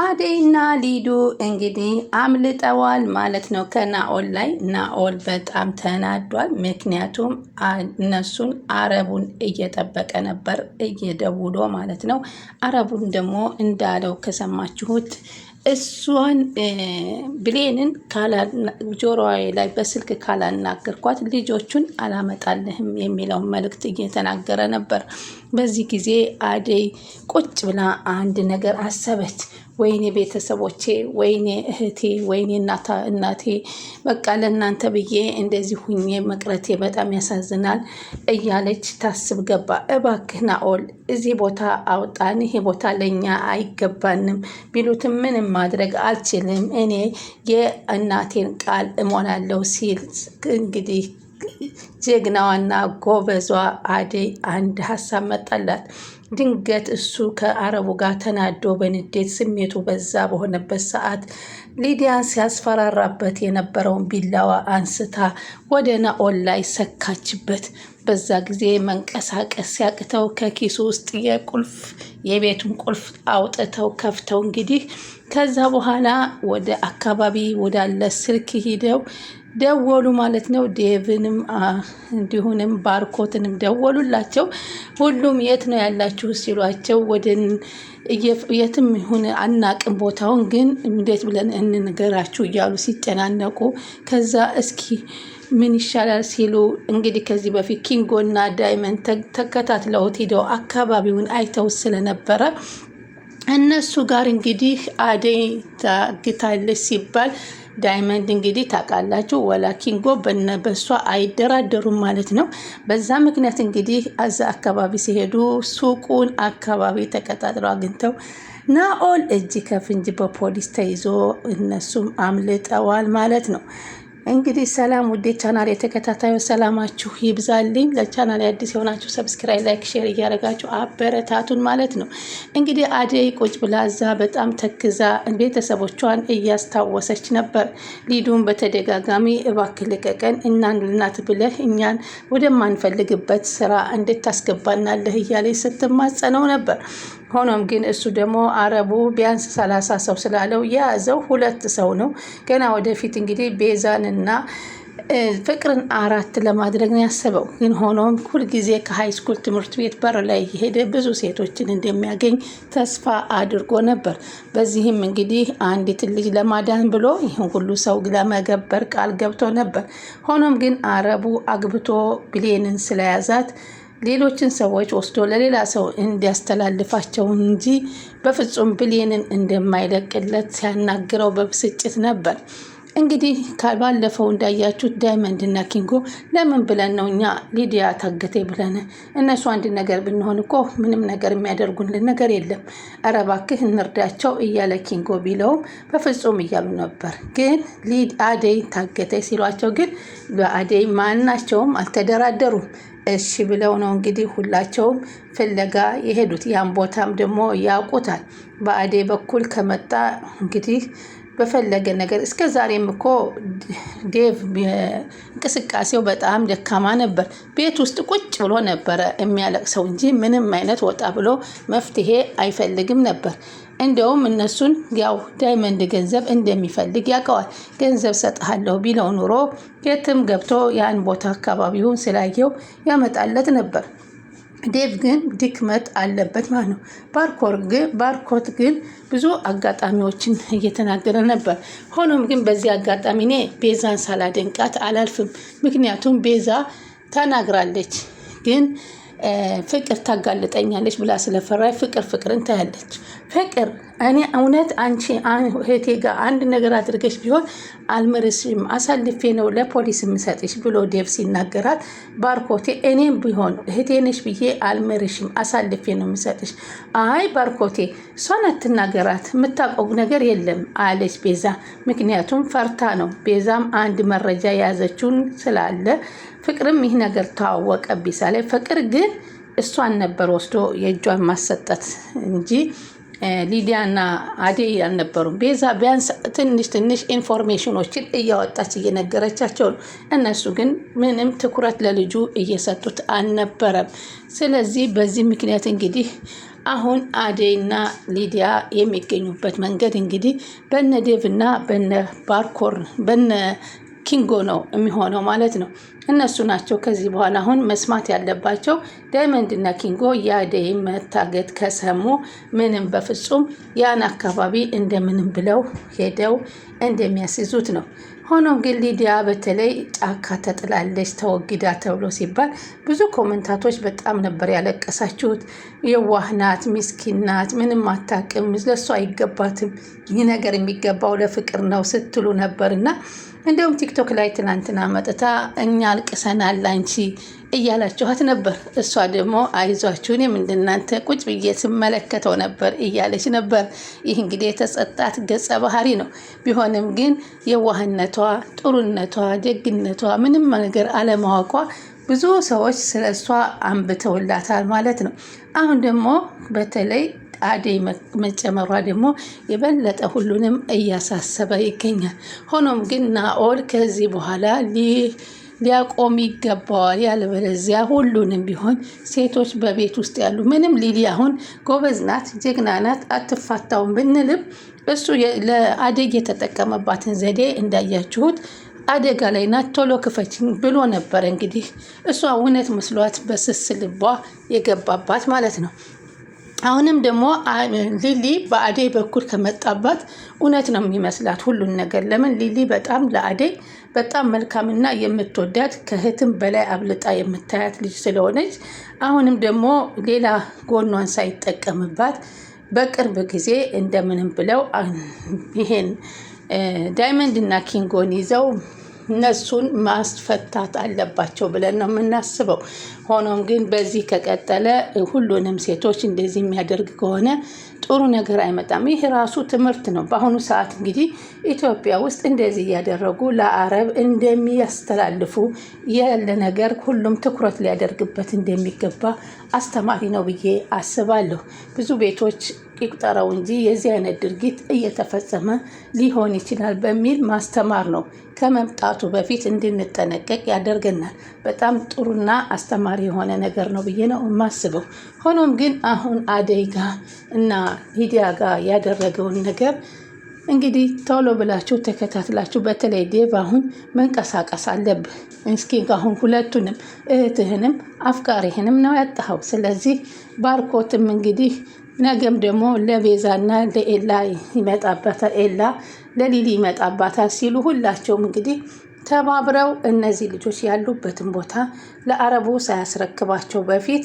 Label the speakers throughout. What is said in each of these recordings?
Speaker 1: አደይና ሊዱ እንግዲህ አምልጠዋል ማለት ነው ከናኦል ላይ። ናኦል በጣም ተናዷል። ምክንያቱም እነሱን አረቡን እየጠበቀ ነበር እየደውሎ ማለት ነው። አረቡን ደግሞ እንዳለው ከሰማችሁት እሷን ብሌንን ጆሮዋ ላይ በስልክ ካላናገርኳት ልጆቹን አላመጣልህም የሚለውን መልእክት እየተናገረ ነበር። በዚህ ጊዜ አደይ ቁጭ ብላ አንድ ነገር አሰበች። ወይኔ ቤተሰቦቼ፣ ወይኔ እህቴ፣ ወይኔ እናቴ፣ በቃ ለእናንተ ብዬ እንደዚህ ሁኜ መቅረቴ በጣም ያሳዝናል እያለች ታስብ ገባ። እባክህ ናኦል እዚህ ቦታ አውጣን፣ ይሄ ቦታ ለእኛ አይገባንም ቢሉትም ምንም ማድረግ አልችልም እኔ የእናቴን ቃል እሞላለሁ ሲል እንግዲህ ጀግናዋና ጎበዟ አደይ አንድ ሀሳብ መጣላት። ድንገት እሱ ከአረቡ ጋር ተናዶ በንዴት ስሜቱ በዛ በሆነበት ሰዓት ሊዲያን ሲያስፈራራበት የነበረውን ቢላዋ አንስታ ወደ ናኦል ላይ ሰካችበት። በዛ ጊዜ መንቀሳቀስ ሲያቅተው ከኪሱ ውስጥ የቁልፍ የቤቱን ቁልፍ አውጥተው ከፍተው እንግዲህ ከዛ በኋላ ወደ አካባቢ ወዳለ ስልክ ሂደው ደወሉ ማለት ነው። ዴቭንም እንዲሁንም ባርኮትንም ደወሉላቸው። ሁሉም የት ነው ያላችሁ ሲሏቸው ወደን የትም ይሁን አናቅም፣ ቦታውን ግን እንዴት ብለን እንንገራችሁ እያሉ ሲጨናነቁ ከዛ እስኪ ምን ይሻላል ሲሉ እንግዲህ ከዚህ በፊት ኪንጎና ዳይመንድ ተከታትለውት ሂደው አካባቢውን አይተው ስለነበረ እነሱ ጋር እንግዲህ አደይ ታግታለች ሲባል ዳይመንድ እንግዲህ ታውቃላችሁ ወላኪንጎ በነ በነበሷ አይደራደሩም ማለት ነው። በዛ ምክንያት እንግዲህ አዛ አካባቢ ሲሄዱ ሱቁን አካባቢ ተቀጣጥለው አግኝተው ናኦል እጅ ከፍንጅ በፖሊስ ተይዞ እነሱም አምልጠዋል ማለት ነው። እንግዲህ ሰላም ውዴ ቻናል የተከታታዩ ሰላማችሁ ይብዛልኝ። ለቻናል አዲስ የሆናችሁ ሰብስክራይብ፣ ላይክ፣ ሼር እያደረጋችሁ አበረታቱን ማለት ነው። እንግዲህ አደይ ቁጭ ብላ እዛ በጣም ተክዛ ቤተሰቦቿን እያስታወሰች ነበር። ሊዱን በተደጋጋሚ እባክህ ልቀቀን፣ እናን ልናት ብለህ እኛን ወደማንፈልግበት ስራ እንድታስገባናለህ እያለች ስትማጸነው ነበር። ሆኖም ግን እሱ ደግሞ አረቡ ቢያንስ ሰላሳ ሰው ስላለው የያዘው ሁለት ሰው ነው። ገና ወደፊት እንግዲህ ቤዛንና ፍቅርን አራት ለማድረግ ነው ያሰበው። ግን ሆኖም ሁልጊዜ ከሃይስኩል ትምህርት ቤት በር ላይ የሄደ ብዙ ሴቶችን እንደሚያገኝ ተስፋ አድርጎ ነበር። በዚህም እንግዲህ አንዲት ልጅ ለማዳን ብሎ ይህን ሁሉ ሰው ለመገበር ቃል ገብቶ ነበር። ሆኖም ግን አረቡ አግብቶ ብሌንን ስለያዛት ሌሎችን ሰዎች ወስዶ ለሌላ ሰው እንዲያስተላልፋቸው እንጂ በፍጹም ብሌንን እንደማይለቅለት ሲያናግረው በብስጭት ነበር። እንግዲህ ካባለፈው እንዳያችሁት ዳይመንድ እና ኪንጎ ለምን ብለን ነው እኛ ሊዲያ ታገቴ ብለን እነሱ አንድ ነገር ብንሆን እኮ ምንም ነገር የሚያደርጉልን ነገር የለም፣ ኧረ እባክህ እንርዳቸው እያለ ኪንጎ ቢለውም በፍጹም እያሉ ነበር። ግን አደይ ታገተ ሲሏቸው ግን በአደይ ማናቸውም አልተደራደሩም። እሺ ብለው ነው እንግዲህ ሁላቸውም ፍለጋ የሄዱት። ያን ቦታም ደግሞ ያውቁታል። በአዴ በኩል ከመጣ እንግዲህ በፈለገ ነገር እስከ ዛሬም እኮ ዴቭ እንቅስቃሴው በጣም ደካማ ነበር። ቤት ውስጥ ቁጭ ብሎ ነበረ የሚያለቅሰው እንጂ ምንም አይነት ወጣ ብሎ መፍትሄ አይፈልግም ነበር። እንደውም እነሱን ያው ዳይመንድ ገንዘብ እንደሚፈልግ ያውቀዋል። ገንዘብ ሰጥሃለሁ ቢለው ኑሮ የትም ገብቶ ያን ቦታ አካባቢውን ስላየው ያመጣለት ነበር። ዴቭ ግን ድክመት አለበት ማለት ነው። ባርኮት ግን ብዙ አጋጣሚዎችን እየተናገረ ነበር። ሆኖም ግን በዚህ አጋጣሚ እኔ ቤዛን ሳላደንቃት አላልፍም። ምክንያቱም ቤዛ ተናግራለች ግን ፍቅር ታጋልጠኛለች ብላ ስለፈራ ፍቅር ፍቅርን ታያለች። ፍቅር እኔ እውነት አንቺ እህቴ ጋር አንድ ነገር አድርገሽ ቢሆን አልምርሽም፣ አሳልፌ ነው ለፖሊስ የምሰጥሽ ብሎ ዴቭ ሲናገራት፣ ባርኮቴ እኔም ቢሆን እህቴ ነሽ ብዬ አልምርሽም፣ አሳልፌ ነው የምሰጥሽ። አይ ባርኮቴ እሷን አትናገራት፣ የምታውቀው ነገር የለም አለች ቤዛ። ምክንያቱም ፈርታ ነው። ቤዛም አንድ መረጃ የያዘችውን ስላለ ፍቅርም ይህ ነገር ተዋወቀ ቢሳ ላይ ፍቅር ግን እሷን ነበር ወስዶ የእጇን ማሰጠት እንጂ ሊዲያ እና አደይ አልነበሩም። ቤዛ ቢያንስ ትንሽ ትንሽ ኢንፎርሜሽኖችን እያወጣች እየነገረቻቸው ነው። እነሱ ግን ምንም ትኩረት ለልጁ እየሰጡት አልነበረም። ስለዚህ በዚህ ምክንያት እንግዲህ አሁን አደይና ሊዲያ የሚገኙበት መንገድ እንግዲህ በነ ዴቭ እና በነ ባርኮር በነ ኪንጎ ነው የሚሆነው ማለት ነው። እነሱ ናቸው ከዚህ በኋላ አሁን መስማት ያለባቸው። ዳይመንድና ኪንጎ የአደይ መታገት ከሰሙ ምንም በፍጹም ያን አካባቢ እንደምንም ብለው ሄደው እንደሚያስይዙት ነው። ሆኖም ግን ሊዲያ በተለይ ጫካ ተጥላለች ተወግዳ ተብሎ ሲባል ብዙ ኮመንታቶች በጣም ነበር ያለቀሳችሁት። የዋህናት ሚስኪናት፣ ምንም አታውቅም፣ ለሱ አይገባትም፣ ይህ ነገር የሚገባው ለፍቅር ነው ስትሉ ነበር እና እንዲሁም ቲክቶክ ላይ ትናንትና መጥታ እኛ አልቅሰናል ላንቺ እያላችኋት ነበር። እሷ ደግሞ አይዟችሁን የምንድናንተ ቁጭ ብዬ ስመለከተው ነበር እያለች ነበር። ይህ እንግዲህ የተጸጣት ገጸ ባህሪ ነው። ቢሆንም ግን የዋህነቷ፣ ጥሩነቷ፣ ደግነቷ፣ ምንም ነገር አለማወቋ ብዙ ሰዎች ስለ እሷ አንብተውላታል ማለት ነው። አሁን ደግሞ በተለይ አደይ መጨመሯ ደግሞ የበለጠ ሁሉንም እያሳሰበ ይገኛል። ሆኖም ግን ናኦል ከዚህ በኋላ ሊያቆም ይገባዋል። ያለበለዚያ ሁሉንም ቢሆን ሴቶች በቤት ውስጥ ያሉ ምንም ሊሊ አሁን ጎበዝ ናት፣ ጀግና ናት፣ አትፋታውም ብንልም እሱ ለአደግ የተጠቀመባትን ዘዴ እንዳያችሁት አደጋ ላይ ናት፣ ቶሎ ክፈችኝ ብሎ ነበረ እንግዲህ እሷ እውነት መስሏት በስስ ልቧ የገባባት ማለት ነው። አሁንም ደግሞ ሊሊ በአደይ በኩል ከመጣባት እውነት ነው የሚመስላት ሁሉን ነገር። ለምን ሊሊ በጣም ለአደይ በጣም መልካምና የምትወዳት ከእህትም በላይ አብልጣ የምታያት ልጅ ስለሆነች አሁንም ደግሞ ሌላ ጎኗን ሳይጠቀምባት በቅርብ ጊዜ እንደምንም ብለው ይሄን ዳይመንድ እና ኪንጎን ይዘው እነሱን ማስፈታት አለባቸው ብለን ነው የምናስበው። ሆኖም ግን በዚህ ከቀጠለ ሁሉንም ሴቶች እንደዚህ የሚያደርግ ከሆነ ጥሩ ነገር አይመጣም። ይህ ራሱ ትምህርት ነው። በአሁኑ ሰዓት እንግዲህ ኢትዮጵያ ውስጥ እንደዚህ እያደረጉ ለአረብ እንደሚያስተላልፉ ያለ ነገር ሁሉም ትኩረት ሊያደርግበት እንደሚገባ አስተማሪ ነው ብዬ አስባለሁ። ብዙ ቤቶች ይቁጠረው እንጂ የዚህ አይነት ድርጊት እየተፈጸመ ሊሆን ይችላል በሚል ማስተማር ነው። ከመምጣቱ በፊት እንድንጠነቀቅ ያደርገናል። በጣም ጥሩና አስተማሪ የሆነ ነገር ነው ብዬ ነው የማስበው። ሆኖም ግን አሁን አደይ ጋ እና ሂዲያ ጋ ያደረገውን ነገር እንግዲህ ቶሎ ብላችሁ ተከታትላችሁ፣ በተለይ ዴቭ አሁን መንቀሳቀስ አለብህ። እስኪ አሁን ሁለቱንም እህትህንም አፍቃሪህንም ነው ያጣኸው። ስለዚህ ባርኮትም እንግዲህ ነገም ደግሞ ለቤዛና ለኤላ ይመጣባታል፣ ኤላ ለሊሊ ይመጣባታል ሲሉ ሁላቸውም እንግዲህ ተባብረው እነዚህ ልጆች ያሉበትን ቦታ ለአረቡ ሳያስረክባቸው በፊት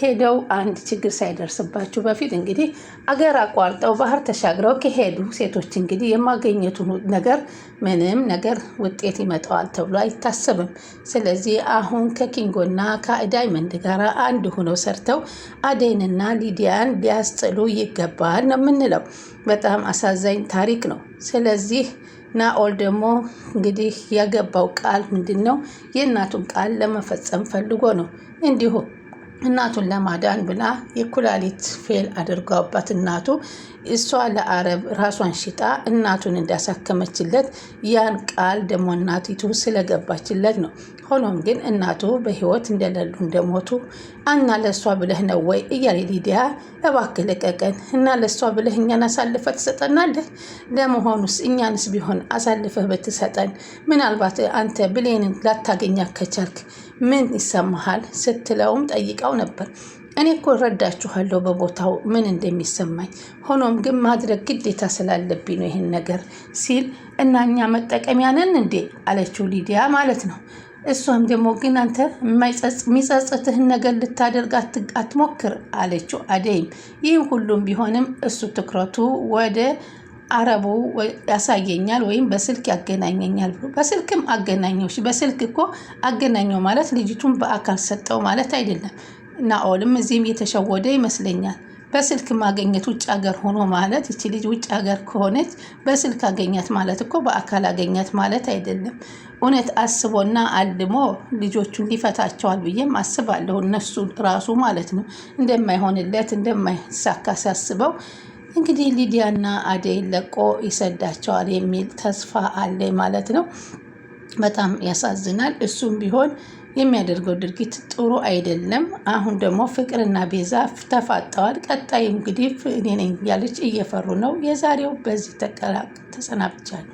Speaker 1: ሄደው አንድ ችግር ሳይደርስባችሁ በፊት እንግዲህ አገር አቋርጠው ባህር ተሻግረው ከሄዱ ሴቶች እንግዲህ የማገኘቱ ነገር ምንም ነገር ውጤት ይመጣዋል ተብሎ አይታሰብም። ስለዚህ አሁን ከኪንጎና ከዳይመንድ ጋር አንድ ሆነው ሰርተው አደይንና ሊዲያን ሊያስጥሉ ይገባል ነው የምንለው። በጣም አሳዛኝ ታሪክ ነው። ስለዚህ ናኦል ደግሞ እንግዲህ ያገባው ቃል ምንድን ነው? የእናቱን ቃል ለመፈጸም ፈልጎ ነው እንዲሁ እናቱን ለማዳን ብላ የኩላሊት ፌል አድርጓባት እናቱ እሷ ለአረብ ራሷን ሽጣ እናቱን እንዳሳከመችለት ያን ቃል ደግሞ እናቲቱ ስለገባችለት ነው። ሆኖም ግን እናቱ በህይወት እንደሌሉ እንደሞቱ እና ለእሷ ብለህ ነው ወይ እያለ ሊዲያ እባክህ ልቀቀን እና ለእሷ ብለህ እኛን አሳልፈህ ትሰጠናለህ? ለመሆኑስ እኛንስ ቢሆን አሳልፈህ ብትሰጠን ምናልባት አንተ ብሌንን ላታገኛ ከቻልክ ምን ይሰማሃል? ስትለውም ጠይቀው ነበር። እኔ እኮ ረዳችኋለሁ በቦታው ምን እንደሚሰማኝ፣ ሆኖም ግን ማድረግ ግዴታ ስላለብኝ ነው ይህን ነገር ሲል እና እኛ መጠቀሚያ ነን እንዴ አለችው ሊዲያ ማለት ነው። እሷም ደግሞ ግን አንተ የሚጸጽትህን ነገር ልታደርግ አትሞክር አለችው። አደይም ይህም ሁሉም ቢሆንም እሱ ትኩረቱ ወደ አረቡ ያሳየኛል ወይም በስልክ ያገናኘኛል ብሎ በስልክም አገናኘው። በስልክ እኮ አገናኘው ማለት ልጅቱን በአካል ሰጠው ማለት አይደለም። ናኦልም እዚህም እየተሸወደ ይመስለኛል። በስልክ ማገኘት ውጭ ሀገር ሆኖ ማለት ይቺ ልጅ ውጭ ሀገር ከሆነች በስልክ አገኛት ማለት እኮ በአካል አገኛት ማለት አይደለም። እውነት አስቦና አልሞ ልጆቹን ሊፈታቸዋል ብዬም አስባለሁ። እነሱ ራሱ ማለት ነው እንደማይሆንለት እንደማይሳካ ሲያስበው እንግዲህ ሊዲያና አደይ ለቆ ይሰዳቸዋል የሚል ተስፋ አለ ማለት ነው። በጣም ያሳዝናል። እሱም ቢሆን የሚያደርገው ድርጊት ጥሩ አይደለም። አሁን ደግሞ ፍቅርና ቤዛ ተፋጠዋል። ቀጣይ እንግዲህ እኔ ነኝ እያለች እየፈሩ ነው። የዛሬው በዚህ ተቀላቅ ተሰናብቻለሁ።